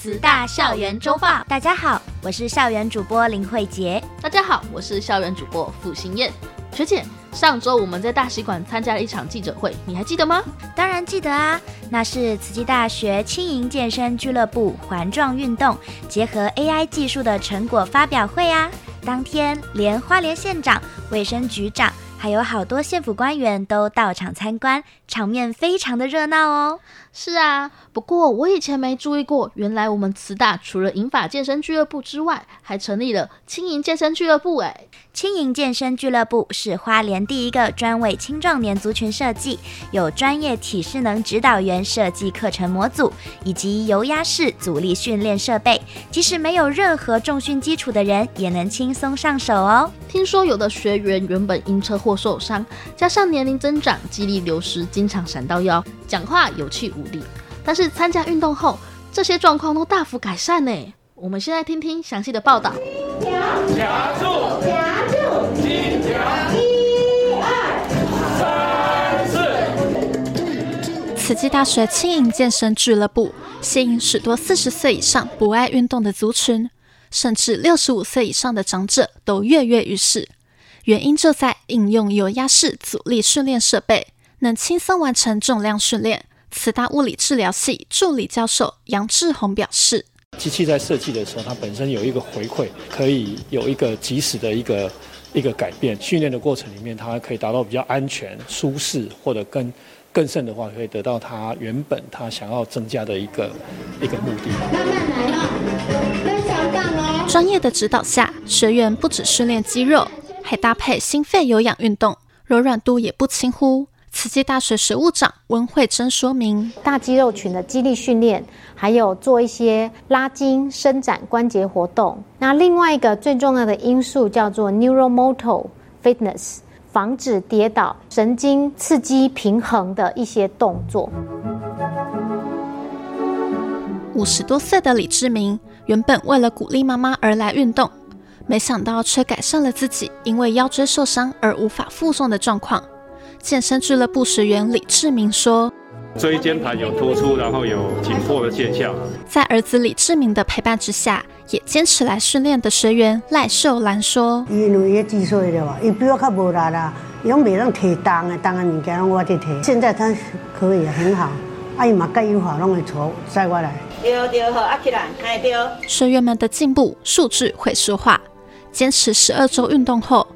慈大校園周報，大家好，我是校園主播林慧婕。大家好，我是校園主播傅莘雁。學姐，上周我們在大使館參加了一場記者會，你還記得嗎？當然記得啊，那是慈濟大學青盈健身俱樂部環狀運動結合 AI 技術的成果發表會啊。當天連花蓮縣長、衛生局長、還有好多縣府官員都到場參觀，場面非常的熱鬧哦。是啊，不過我以前沒注意過，原來我們慈大除了銀髮健身俱樂部之外，還成立了青盈健身俱樂部哎、欸。青盈健身俱樂部是花蓮第一個專為青壯年族群設計，有專業體適能指導員設計課程模組，以及油壓式阻力訓練設備，即使沒有任何重訓基礎的人也能輕鬆上手哦。聽說有的學員原本因車禍受傷，加上年齡增長、肌力流失，經常閃到腰，講話有氣無力，但是參加運動後，這些狀況都大幅改善呢。我們先來聽聽詳細的報道。夾住，夾住，金夾，一二三四五。慈濟大學輕盈健身俱樂部吸引許多四十歲以上不愛運動的族群，甚至六十五歲以上的長者都躍躍欲試。原因就在應用油壓式阻力訓練設備，能輕鬆完成重量訓練。慈大物理治療系助理教授楊志宏表示，機器在設計的時候，它本身有一個回饋，可以有一個即時的一個一個改變。訓練的過程裡面，它可以達到比較安全、舒適，或者更更甚的話，可以得到它原本它想要增加的一個一個目的。慢慢來了，有點小冷。專業的指導下，學員不只訓練肌肉，還搭配心肺有氧運動，柔軟度也不輕忽。慈濟大學學務長溫慧珍說明：大肌肉群的肌力訓練，還有做一些拉筋、伸展關節活動。那另外一個最重要的因素叫做 neuromotor fitness，防止跌倒、神經刺激、平衡的一些動作。五十多歲的李志明原本為了鼓勵媽媽而來運動，沒想到卻改善了自己因為腰椎受傷而無法負重的狀況。健身俱樂部學員李志明說：“椎間盤有突出，然後有緊迫的現象。”在兒子李志明的陪伴之下，也堅持來訓練的學員賴秀蘭說：“也不要現在他可以很好，哎嘛，蓋又好弄的錯，再過來。”學員們的進步，數據會說話。堅持十二周運動後。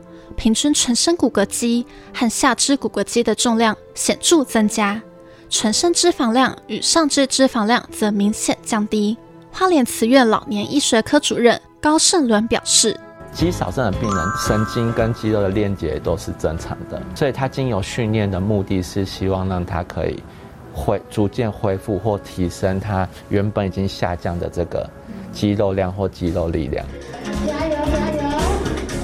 平均全身骨骼肌和下肢骨骼肌的重量顯著增加，全身脂肪量與上肢脂肪量則明顯降低。花蓮慈院老年醫學科主任高盛倫表示：“肌少症的病人神經跟肌肉的鏈接都是正常的，所以他經由訓練的目的是希望讓他可以恢逐漸恢復或提升他原本已經下降的這個肌肉量或肌肉力量。加油加油！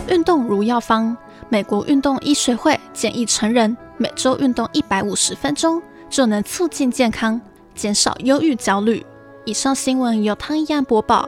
運動如藥方。”美國運動醫學會建議成人每周運動一百五十分鐘，就能促進健康，減少憂鬱焦慮。以上新聞由湯逸安播報。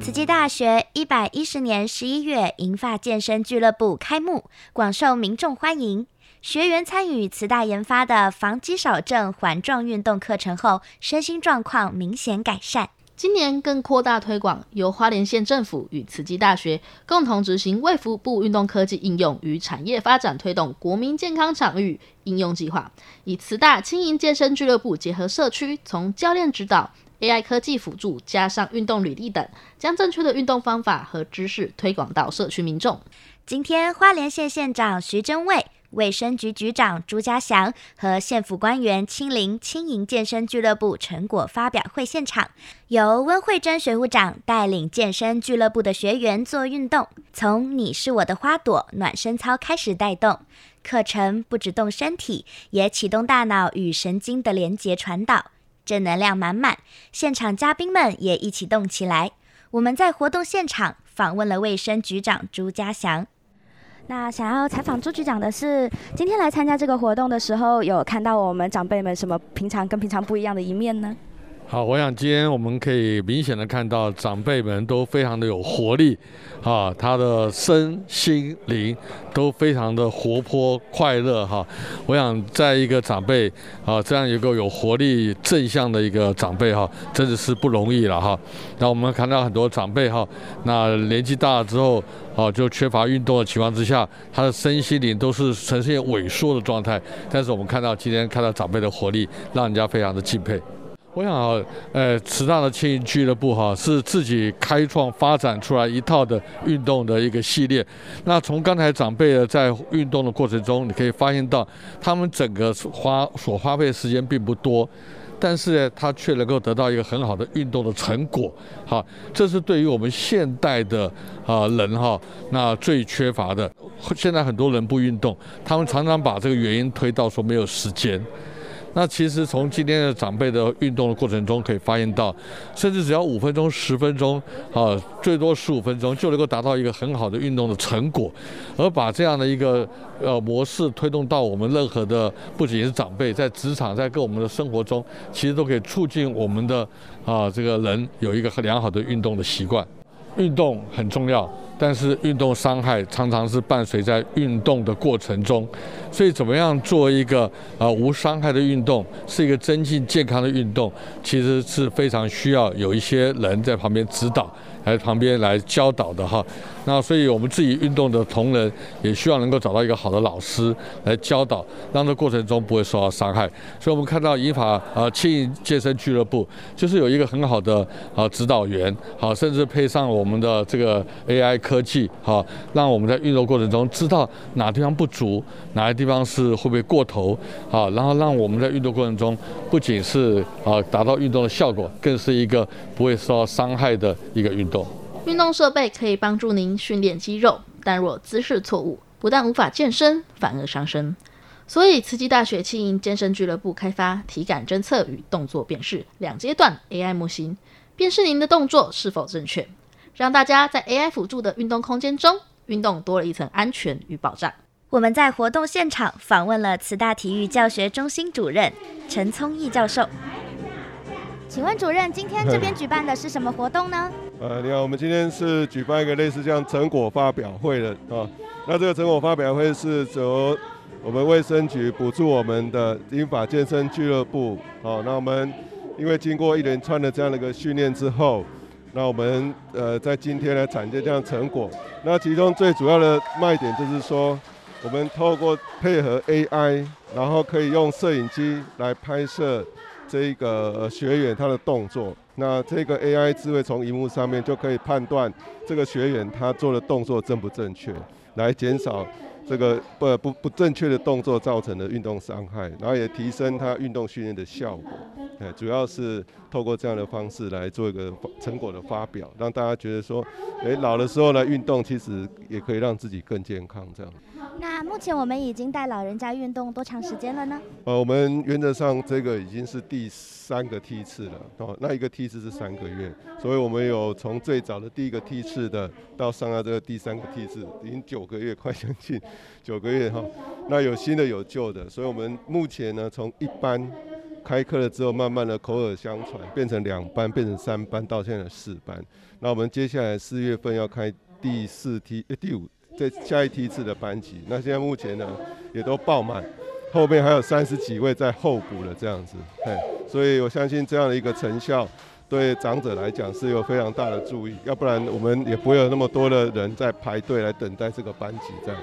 慈濟大學一百一十年十一月銀髮健身俱樂部開幕，廣受民眾歡迎。學員參與慈大研發的防肌少症環狀運動課程後，身心狀況明顯改善。今年更擴大推廣，由花蓮縣政府與慈濟大學共同執行“衛福部運動科技應用與產業發展推動國民健康場域應用計劃”，以慈大青盈健身俱樂部結合社區，從教練指導、AI 科技輔助，加上運動履歷等，將正確的運動方法和知識推廣到社區民眾。今天花蓮縣縣長徐榛蔚。衛生局局長朱家祥和縣府官員親臨青盈健身俱樂部成果發表會現場，由溫慧珍學務長帶領健身俱樂部的學員做運動，從《你是我的花朵》暖身操開始帶動。課程不止動身體，也啟動大腦與神經的連接傳導，正能量滿滿。現場嘉賓們也一起動起來。我們在活動現場訪問了衛生局長朱家祥。那想要採訪朱局長的是，今天來參加這個活動的時候，有看到我們長輩們什麼平常跟平常不一樣的一面呢？好，我想今天我們可以明顯的看到，長輩們都非常的有活力，啊，他的身心靈都非常的活潑快樂哈。我想在一個長輩啊，這樣一個有活力、正向的一個長輩哈，真的是不容易了哈。那我們看到很多長輩哈，那年紀大了之後，啊，就缺乏運動的情況之下，他的身心靈都是呈現萎縮的狀態。但是我們看到今天看到長輩的活力，讓人家非常的敬佩。我想呃，慈大的青盈俱樂部哈，是自己開創發展出來一套的運動的一個系列。那從剛才長輩的在運動的過程中，你可以發現到，他們整個花所花費的時間並不多，但是呢，他卻能夠得到一個很好的運動的成果。好，這是對於我們現代的啊人哈，那最缺乏的。現在很多人不運動，他們常常把這個原因推到說沒有時間。那其實從今天的長輩的運動的過程中，可以發現到，甚至只要五分鐘、十分鐘，啊，最多十五分鐘，就能夠達到一個很好的運動的成果，而把這樣的一個呃模式推動到我們任何的，不僅是長輩，在職場，在各我們的生活中，其實都可以促進我們的啊這個人有一個很良好的運動的習慣。運動很重要，但是運動傷害常常是伴隨在運動的過程中，所以怎麼樣做一個呃無傷害的運動，是一個增進健康的運動，其實是非常需要有一些人在旁邊指導，來旁邊來教導的哈。那所以，我們自己運動的同仁也希望能夠找到一個好的老師來教導，讓這過程中不會受到傷害。所以我們看到英法啊青盈健身俱樂部就是有一個很好的啊指導員，好，甚至配上我們的這個 AI 科技，好，讓我們在運動過程中知道哪地方不足，哪些地方是會不會過頭，好，然後讓我們在運動過程中不僅是啊達到運動的效果，更是一個不會受到傷害的一個運動。運動設備可以幫助您訓練肌肉，但若姿勢錯誤，不但無法健身，反而傷身。所以，慈濟大學青盈健身俱樂部開發體感偵測與動作辨識兩階段 AI 模型，辨識您的動作是否正確，讓大家在 AI 輔助的運動空間中，運動多了一層安全與保障。我們在活動現場訪問了慈大體育教學中心主任陳聰毅教授。請問主任，今天這邊舉辦的是什麼活動呢？呃，你好，我們今天是舉辦一個類似這樣成果發表會的啊、哦。那這個成果發表會是由我們衛生局補助我們的青盈健身俱樂部。好、哦，那我們因為經過一連串的這樣的一個訓練之後，那我們呃在今天來展現這樣成果。那其中最主要的賣點就是說，我們透過配合 AI，然後可以用攝影機來拍攝。這個學員他的動作，那這個 AI 智慧從熒幕上面就可以判斷這個學員他做的動作正不正確，來減少這個不不不正確的動作造成的運動傷害，然後也提升他運動訓練的效果。主要是透過這樣的方式來做一個成果的發表，讓大家覺得說，哎、欸，老的時候呢運動其實也可以讓自己更健康這樣。那目前我們已經帶老人家運動多長時間了呢？呃，我們原則上這個已經是第三個梯次了哦。那一個梯次是三個月，所以我們有從最早的第一個梯次的，到上到這個第三個梯次，已經九個月快將近九個月哈、哦。那有新的有舊的，所以我們目前呢，從一班開課了之後，慢慢的口耳相傳，變成兩班，變成三班，到現在四班。那我們接下來四月份要開第四梯，誒、欸、第五。在下一梯次的班級，那現在目前呢也都爆滿，後面還有三十幾位在候補了這樣子，對，所以我相信這樣的一個成效，對長者來講是有非常大的注意，要不然我們也不會有那麼多的人在排隊來等待這個班級這樣。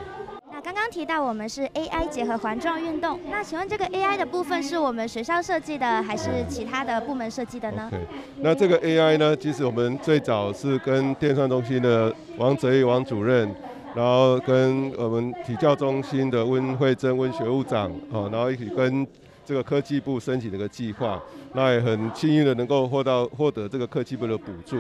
那剛剛提到我們是 AI 結合環狀運動，那請問這個 AI 的部分是我們學校設計的，還是其他的部門設計的呢？對、yeah. okay.，那這個 AI 呢，其實我們最早是跟電算中心的王哲義王主任。然後跟我們體教中心的溫惠珍溫學務長啊、哦，然後一起跟這個科技部申請這個計劃，那也很幸運的能夠獲到獲得這個科技部的補助。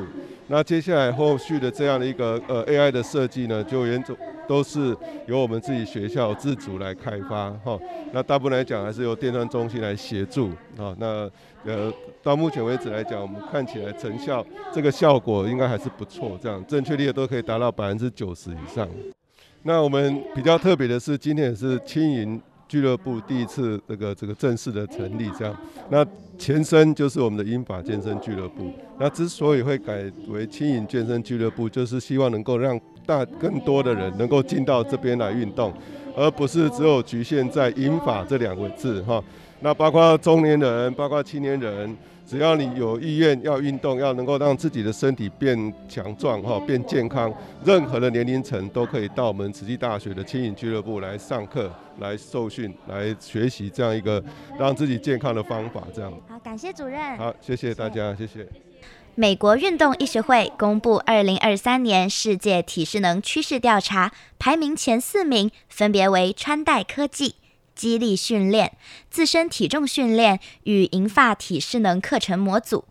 那接下來後續的這樣的一個呃 AI 的設計呢，就原則都是由我們自己學校自主來開發哈、哦。那大部分來講還是由電算中心來協助啊、哦。那呃，到目前為止來講，我們看起來成效這個效果應該還是不錯，這樣，正確率都可以達到百分之九十以上。那我們比較特別的是，今天也是青盈俱樂部第一次這個這個正式的成立，這樣。那前身就是我們的英法健身俱樂部。那之所以會改為青盈健身俱樂部，就是希望能夠讓大更多的人能夠進到這邊來運動，而不是只有局限在英法這兩個字哈。那包括中年人，包括青年人，只要你有意願要運動，要能夠讓自己的身體變強壯，哈，變健康，任何的年齡層都可以到我們慈濟大學的青盈俱樂部來上課、來受訓、來學習這樣一個讓自己健康的方法。這樣。好，感謝主任。好，謝謝大家，謝謝。謝謝。美國運動醫學會公布2023年世界體適能趨勢調查，排名前四名分別為穿戴科技。肌力訓練、自身體重訓練與銀髮體適能課程模組，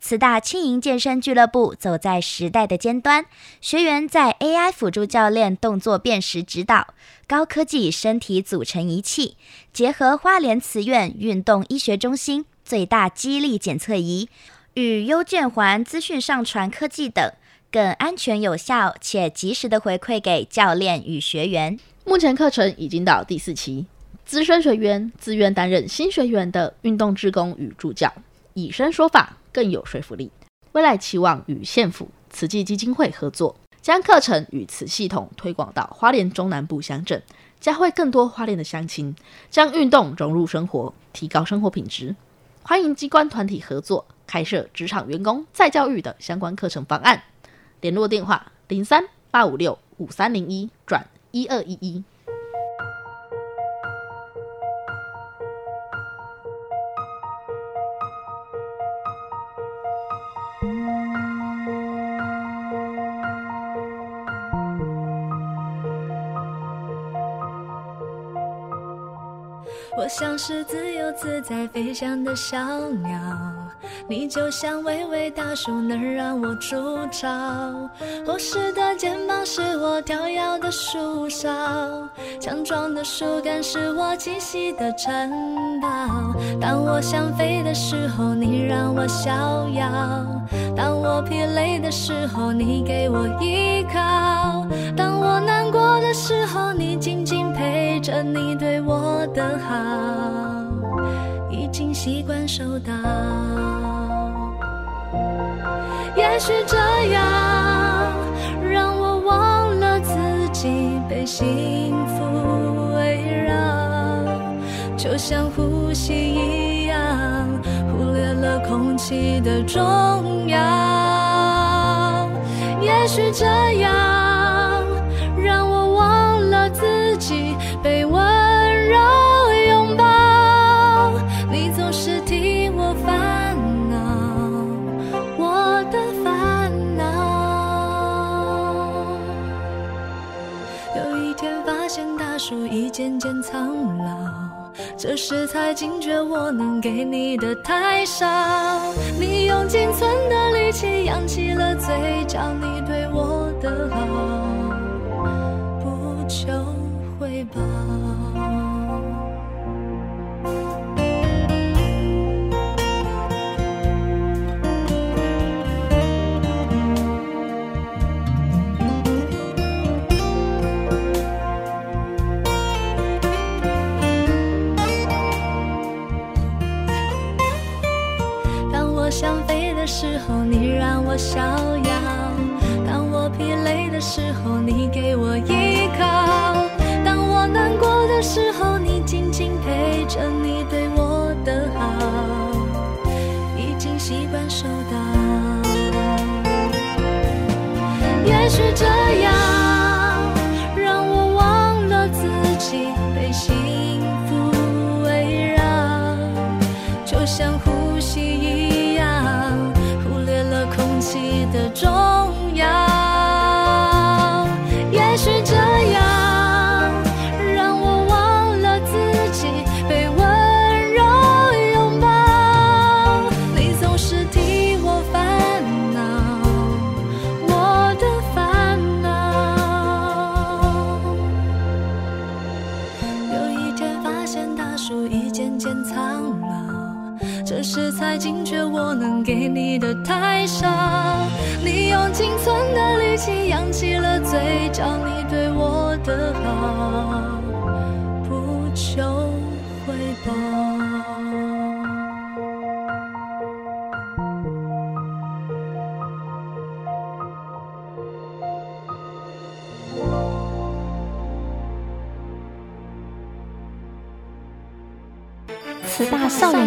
慈大青盈健身俱樂部走在時代的尖端。學員在 AI 輔助教練動作辨識指導、高科技身體組成儀器結合花蓮慈院運動醫學中心最大肌力檢測儀與優建環資訊上傳科技等，更安全有效且及時的回饋給教練與學員。目前課程已經到第四期。資深學員自願擔任新學員的運動志工與助教，以身說法更有說服力。未來期望與縣府慈濟基金會合作，將課程與慈系統推廣到花蓮中南部鄉鎮，教會更多花蓮的鄉親，將運動融入生活，提高生活品質。歡迎機關團體合作開設職場員工再教育的相關課程方案。聯絡電話1211：零三八五六五三零一轉一二一一。像是自由自在飛翔的小鳥，你就像巍巍大樹，能讓我築巢。厚實的肩膀是我跳躍的樹梢，強壯的樹幹是我棲息的城堡。當我想飛的時候，你讓我逍遙；當我疲累的時候，你給我依靠；當我難過的時候，你緊緊陪着你。的好，已經習慣收到。也許這樣，讓我忘了自己被幸福圍繞，就像呼吸一樣，忽略了空氣的重要。也許這樣，讓我忘了自己被。柔擁抱，你總是替我煩惱，我的煩惱。有一天發現大樹已漸漸蒼老，這時才驚覺我能給你的太少。你用僅存的力氣揚起了嘴角，你對我的好。逍遙。當我疲累的時候，你給我依靠；當我難過的時候，你靜靜陪着。你對我的好，已經習慣收到。也許這樣。說。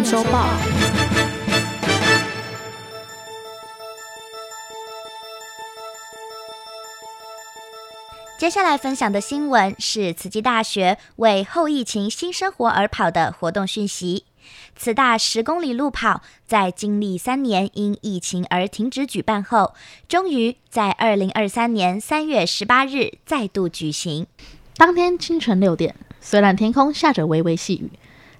週報。接下來分享的新聞是，慈濟大學為後疫情新生活而跑的活動訊息。慈大十公里路跑在經歷三年因疫情而停止舉辦後，終於在2023年3月18日再度舉行。當天清晨六點，雖然天空下着微微細雨。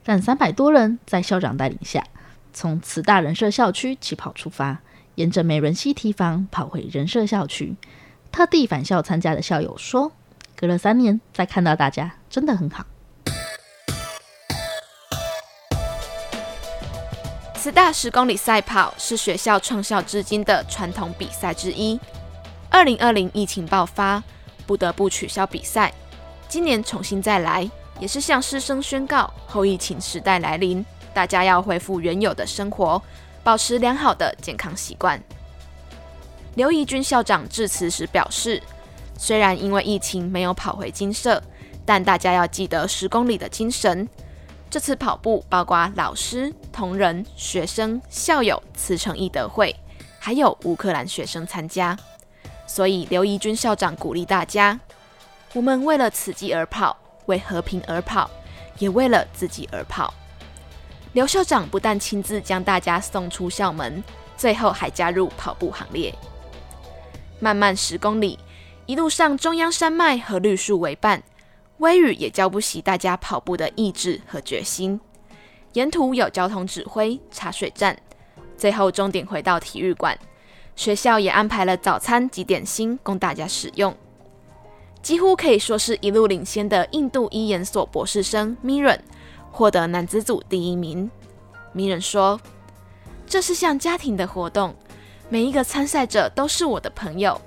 但三百多人在校長帶領下，從慈大人社校區起跑出發，沿着美崙溪堤防跑回人社校區。特地返校參加的校友說：“隔了三年再看到大家，真的很好。”慈大十公里賽跑是學校創校至今的傳統比賽之一。二零二零疫情爆發，不得不取消比賽，今年重新再來。也是向師生宣告，後疫情時代來臨，大家要恢復原有的生活，保持良好的健康習慣。劉怡君校長致辭時表示：“雖然因為疫情沒有跑回精舍，但大家要記得十公里的精神。這次跑步包括老師、同仁、學生、校友、慈誠懿德會，還有烏克蘭學生參加。所以劉怡君校長鼓勵大家：我們為了此計而跑。”為和平而跑，也為了自己而跑。劉校長不但親自將大家送出校門，最後還加入跑步行列。漫漫十公里，一路上中央山脈和綠樹為伴，微雨也澆不熄大家跑步的意志和決心。沿途有交通指揮、茶水站，最後終點回到體育館。學校也安排了早餐及點心供大家使用。幾乎可以說是一路領先的印度醫研所博士生 Miren 獲得男子組第一名。Miren 說：“這是像家庭的活動，每一個參賽者都是我的朋友。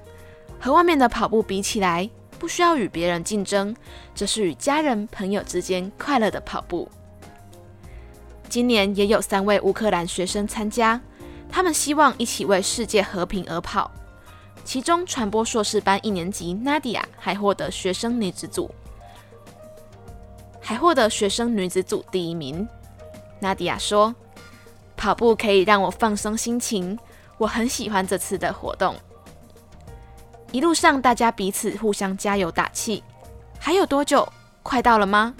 和外面的跑步比起來，不需要與別人競爭，這是與家人朋友之間快樂的跑步。”今年也有三位烏克蘭學生參加，他們希望一起為世界和平而跑。其中，傳播碩士班一年級納迪亞還獲得學生女子組，還獲得學生女子組第一名。納迪亞說：“跑步可以讓我放鬆心情，我很喜歡這次的活動。”一路上，大家彼此互相加油打氣。還有多久？快到了嗎？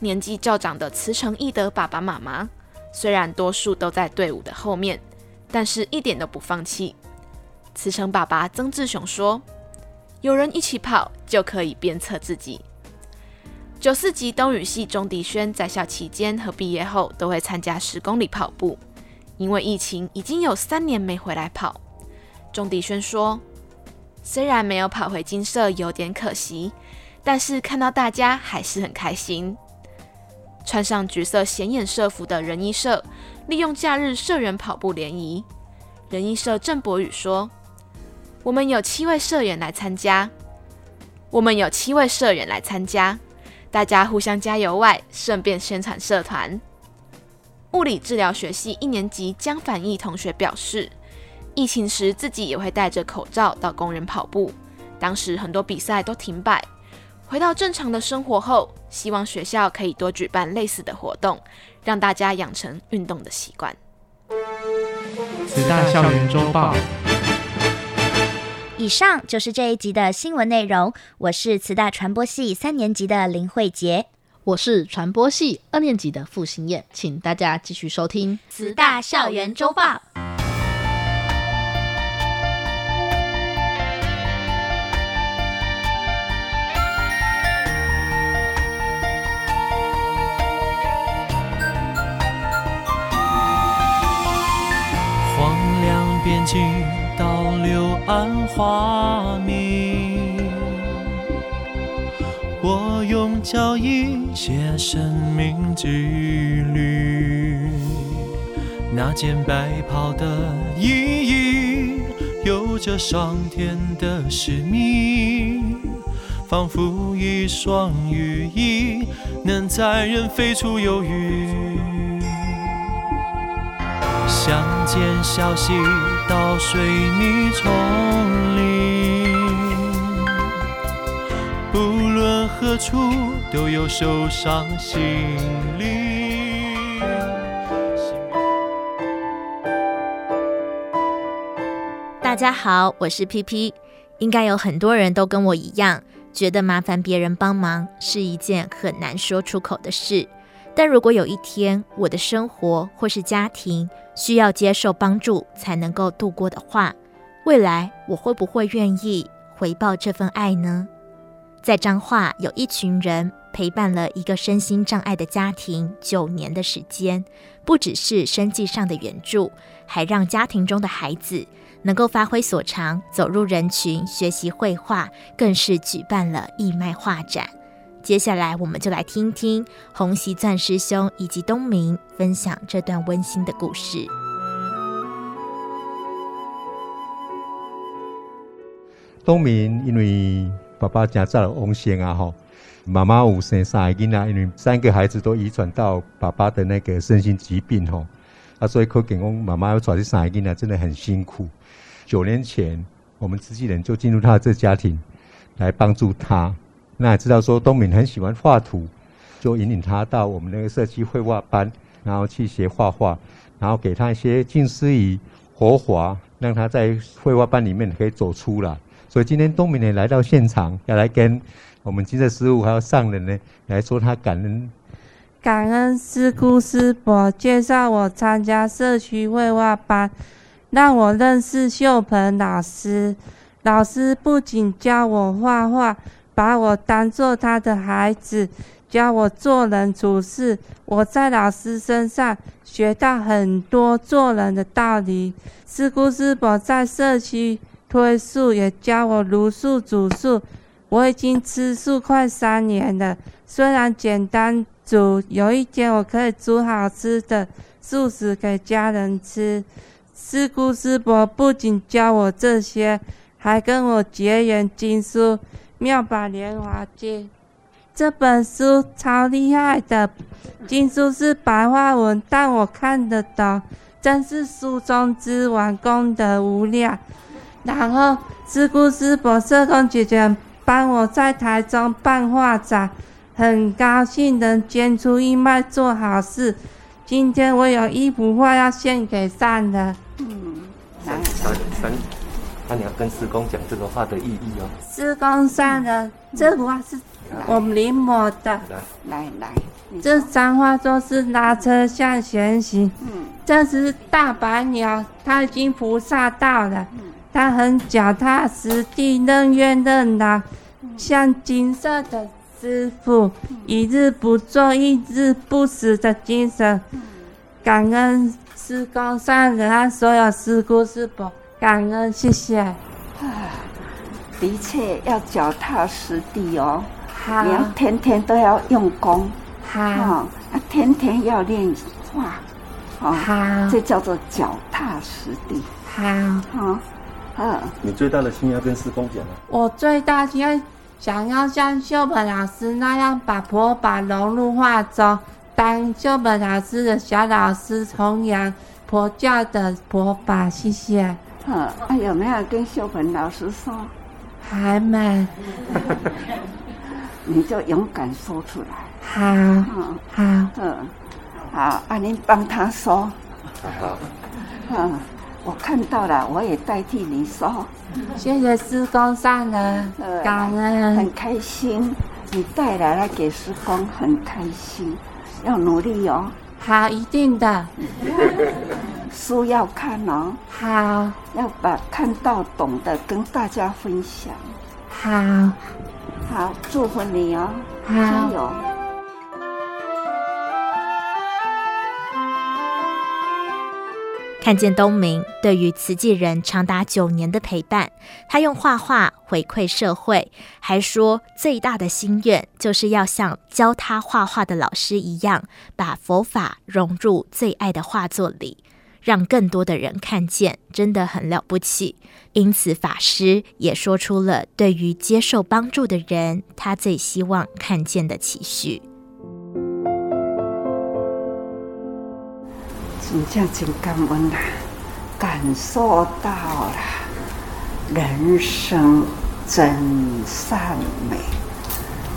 年紀較長的慈誠懿德爸爸媽媽，雖然多數都在隊伍的後面，但是一點都不放棄。慈誠爸爸曾志雄說：“有人一起跑就可以鞭策自己。”九四級東語系鍾迪軒在校期間和畢業後都會參加十公里跑步，因為疫情已經有三年沒回來跑。鍾迪軒說：“雖然沒有跑回金色有點可惜，但是看到大家還是很開心。”穿上橘色顯眼社服的人醫社利用假日社員跑步聯誼，人醫社鄭博宇說。我們有七位社員來參加，我們有七位社員來參加，大家互相加油外，順便宣傳社團。物理治療學系一年級江凡毅同學表示，疫情時自己也會戴着口罩到公園跑步，當時很多比賽都停擺。回到正常的生活後，希望學校可以多舉辦類似的活動，讓大家養成運動的習慣。慈大校園週報。以上就是這一集的新聞內容。我是慈大傳播系三年級的林慧婕，我是傳播系二年級的傅莘雁，請大家繼續收聽慈大校園周報，報。黃涼邊境。暗花明，我用腳印寫生命之旅。那件白袍的意義，有着上天的使命。仿佛一雙羽翼，能在人飛出猶豫。相見消息。到水泥叢林，不論何處都有受傷心靈。大家好，我是 P P，應該有很多人都跟我一樣，覺得麻煩別人幫忙是一件很難說出口的事。但如果有一天我的生活或是家庭需要接受幫助才能夠度過的話，未來我會不會願意回報這份愛呢？在彰化有一群人陪伴了一個身心障礙的家庭九年的時間，不只是生計上的援助，還讓家庭中的孩子能夠發揮所長，走入人群學習繪畫，更是舉辦了義賣畫展。接下來，我們就來聽聽紅喜鑽師兄以及東明分享這段溫馨的故事。東明因為爸爸家在了紅縣啊，吼，媽媽有生三個囡啦，因為三個孩子都遺傳到爸爸的那個身心疾病吼，啊，所以可見我媽媽要找起三個囡真的很辛苦。九年前，我們慈濟人就進入他的這家庭，來幫助他。那也知道說東敏很喜歡畫圖，就引領他到我們那個社區繪畫班，然後去學畫畫，然後給他一些靜思語活畫，讓他在繪畫班裡面可以走出來。所以今天東敏呢來到現場，要來跟我們精舍師父還有上人呢來說他感恩。感恩師姑師伯介紹我參加社區繪畫班，讓我認識秀鵬老師。老師不僅教我畫畫。把我當做他的孩子，教我做人處事。我在老師身上學到很多做人的道理。師姑師伯在社區推素，也教我茹素煮素。我已經吃素快三年了，雖然簡單煮，有一天我可以煮好吃的素食給家人吃。師姑師伯不僅教我這些，還跟我結緣經書。《妙法蓮華經》這本書超厲害的，經書是白話文，但我看得懂，真是書中之王，功德無量。然後師姑師伯社工姐姐幫我在台中辦畫展，很高興能捐出義賣做好事。今天我有一幅畫要獻給善人。嗯，三七三。他、啊、你要跟師公講這個話的意義哦。師公上人、嗯嗯，這幅畫是我們臨摹的。來來來，這張畫作是拉車向前行。嗯、這隻大白鳥，它已經菩薩道了、嗯。它很腳踏實地，任怨任勞、嗯，像金色的師傅、嗯，一日不做，一日不食的精神。嗯、感恩師公上人，他所有師姑師伯。感恩，謝謝。啊，的確要腳踏實地哦，你要天天都要用功，好，啊、天天要練畫、哦，好，這叫做腳踏實地，好，好，啊。你最大的心願跟師公講了，我最大心願想要像秀本老師那樣把佛法融入畫中，當秀本老師的小老師，弘揚佛教的佛法，謝謝。嗯，啊、有沒有跟秀芬老師說？還沒。你就勇敢說出來。好。嗯、好。嗯。好，啊您幫他說。好，好。嗯，我看到了，我也代替你說。現在師公上的、嗯、感恩，很開心。你帶來了給師公，很開心。要努力喲、哦。好，一定的。 書要看哦，好，要把看到懂得跟大家分享，好，好，祝福你哦，好。加油。看見東明對於慈濟人長達九年的陪伴，他用畫畫回饋社會，還說最大的心願就是要像教他畫畫的老師一樣，把佛法融入最愛的畫作裡。讓更多的人看見，真的很了不起。因此，法師也說出了對於接受幫助的人，他最希望看見的期許。真正真感恩啊，感受到了人生真善美。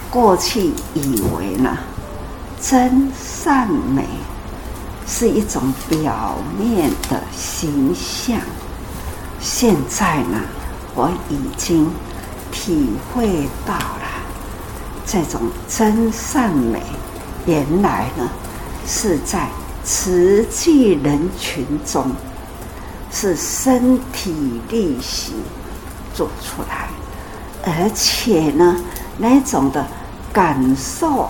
過去以為呢，真善美。是一種表面的形象。現在呢，我已經體會到了這種真善美。原來呢，是在慈濟人群中，是身體力行做出來，而且呢，那種的感受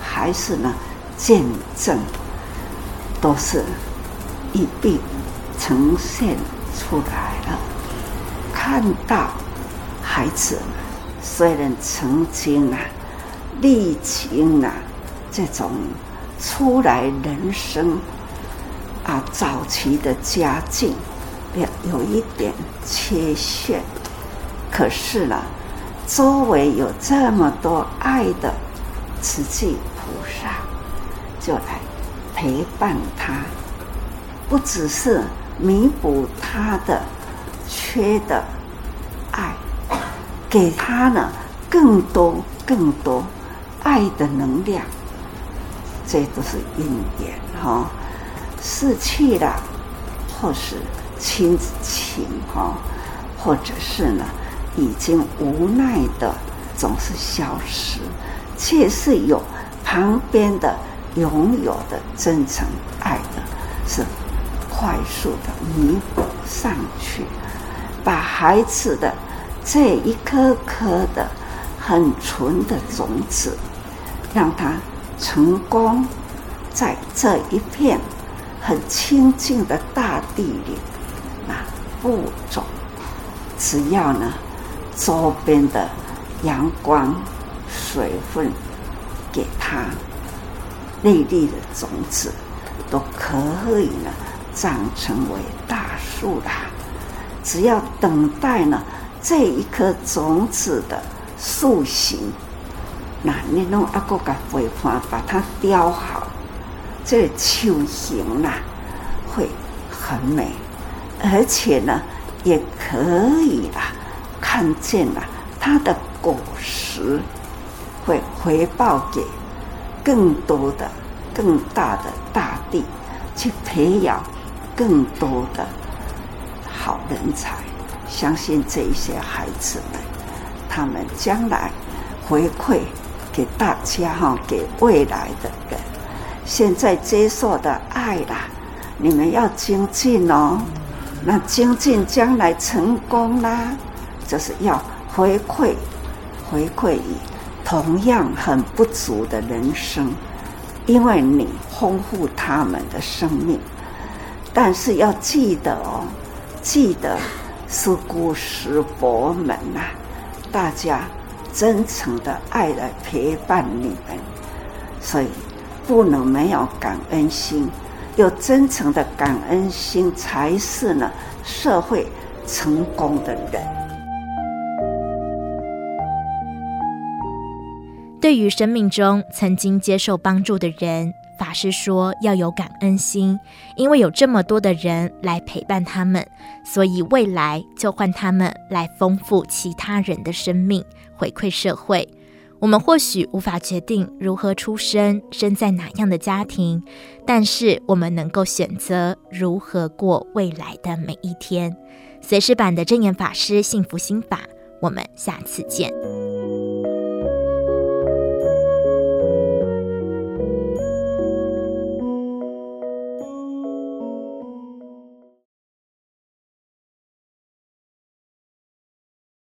還是呢，見證。都是一併呈現出來了。看到孩子雖然曾經啊、歷經啊這種出來人生啊早期的家境，有有一點缺陷，可是呢、啊，周圍有這麼多愛的慈濟菩薩，就來。陪伴他，不只是彌補他的缺的愛，給他呢更多更多愛的能量，這都是重點哈。失去了、哦，或是親子情哈、哦，或者是呢已經無奈的總是消失，卻是有旁邊的。擁有的真誠愛的，是快速的彌補上去，把孩子的這一顆顆的很純的種子，讓它成功在這一片很清靜的大地裡啊不走，只要呢周邊的陽光、水分給他，內地的種子都可以呢，長成為大樹啦，只要等待呢，這一顆種子的樹形，那你弄阿哥個繪畫把它雕好，這樹、個、形吶、啊、會很美，而且呢也可以啊看見了、啊、它的果實會回報給。更多的、更大的大地，去培養更多的好人才。相信這一些孩子們，他們將來回饋給大家哈，給未來的人。現在接受的愛啦，你們要精進哦。那精進將來成功啦，就是要回饋，回饋一。同樣很不足的人生，因為你豐富他們的生命，但是要記得哦，記得師姑師伯們吶，大家真誠的愛來陪伴你們，所以不能沒有感恩心，有真誠的感恩心才是呢，社會成功的人。對於生命中曾經接受幫助的人，法師說要有感恩心，因為有這麼多的人來陪伴他們，所以未來就換他們來豐富其他人的生命，回饋社會。我們或許無法決定如何出生，生在哪樣的家庭，但是我們能夠選擇如何過未來的每一天。隨時版的證嚴法師幸福心法，我們下次見。